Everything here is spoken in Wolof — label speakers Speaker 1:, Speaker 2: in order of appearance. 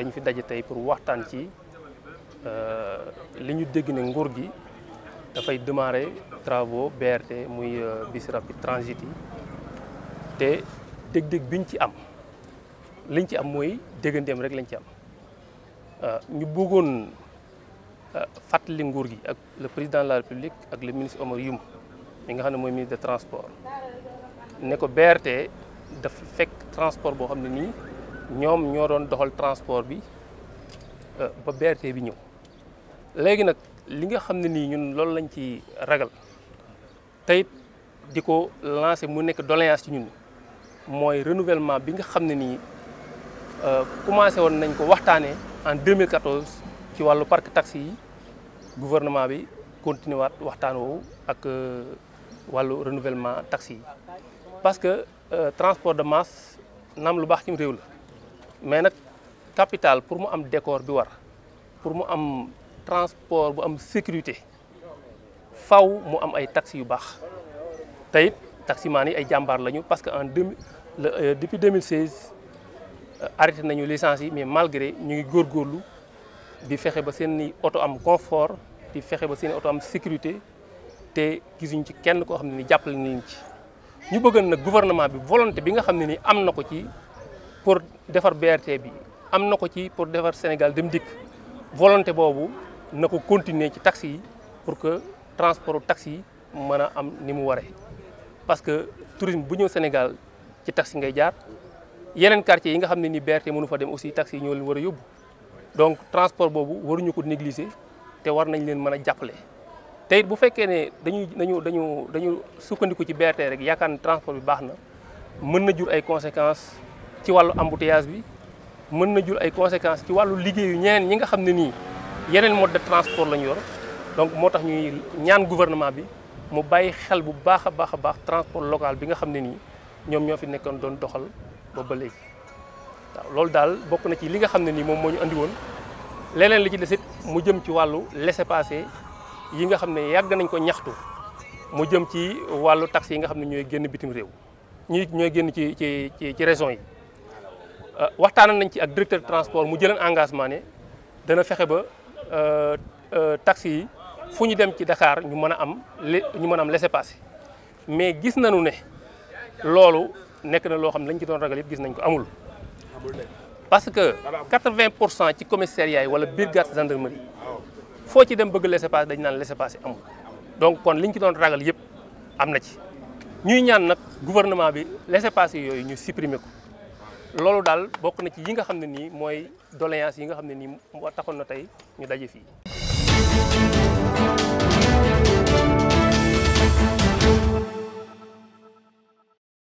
Speaker 1: dañu fi dajé tay pour waxtan ci euh liñu dégg ne nguur gi fay démarrer travaux BRT muy euh, bus rapide transit yi te dég-dég biñ ci am liñ ci am moy dégganteem rek lañ ci am euh ñu bëggoon euh, fatali ngor gi ak le président de la république ak le ministre Omar Youm mi nga xamné moy ministre des transports né ko BRT dafa fek transport bo xamné ni ñoom ñoo doon doxal transport bi euh, ba BRT bi ñëw léegi nag li nga xam ne nii ñun loolu lañ ci ragal tey di ko lancé mu nekk doléance ci ñun mooy renouvellement bi nga xam ne nii euh, commencé woon nañ ko waxtaanee en 2014 ci wàllu parc taxi yi gouvernement bi continué waat waxtaan woowu ak euh, wàllu renouvellement taxi yi parce que transport de masse naam lu baax ci réew la mais nak capital pour mu am décor bi war pour mu am transport bu am sécurité faw mu am ay taxi yu bax tayit taxi man yi ay jambar lañu parce que en deux euh, depuis 2016 euh, arrêté nañu licence yi mais malgré ñu ngi góorgóorlu di fexe ba seeni auto am confort di fexé ba seeni auto am sécurité té gisuñ ci kenn ko xamni ne ni jàppale nañ ci ñu bëggal nak gouvernement bi volonté bi nga xamni ni am na ko ci pour defar BRT bi am na ko ci pour defar Sénégal dem dikk volonté boobu na ko continuer ci taxi yi pour que transport taxi yi mën a am ni mu waree parce que tourisme bu ñëw Sénégal ci taxi ngay jaar yeneen quartier yi nga xam ne ni BRT mënu fa dem aussi taxi yi ñoo leen war a yóbbu donc transport boobu waruñu ko négliger te war nañ leen mën a jàppale te it bu fekkee ne dañuy dañu dañu dañu sukkandiku ci BRT rek yaakaar ni transport bi baax na mën na jur ay conséquences ci walu embouteillage bi mën na jur ay conséquences ci wàllu liggéeyu ñeneen ñi nga xamni ni yeneen mode de transport lañu yor donc motax ñuy ñaan gouvernement bi mu bayyi xel bu baaxa baaxa baax transport local bi nga xamni ni ñom ñofi nekkon doon doxal ba ba léegi waaw loolu daal bokk na ci li nga xamni ni mom moñu andi won leneen li ci desit mu jëm ci walu laisser passer yi nga xam yag nañ ko ñaxtu mu jëm ci walu taxi yi nga xamni ñoy genn bitim rew ñi ñoy genn ci ci ci région yi Euh, waxtaanal nañ ci ak directeur transport mu jëleen engagement ne dana fexe ba euh, euh, taxi yi fu ñu dem ci Dakar ñu mën a am ñu mën am laissez-passer mais gis nañu ne loolu nekk na loo xam ne lañ ci doon ragal yëpp gis nañ ko amul. parce que 80 pour cent ci commissariat yi wala brigade gendarmerie foo ci dem bëgg laissez-passer dañ naan laissez-passer amul donc kon liñ ci doon ragal yëpp am na ci ñuy ñaan nag gouvernement bi laissez-passer yooyu ñu supprimer ko. loolu daal bokk na ci yi nga xam ne nii mooy doléance yi nga xam ne nii moo taxoon na tey ñu daje fii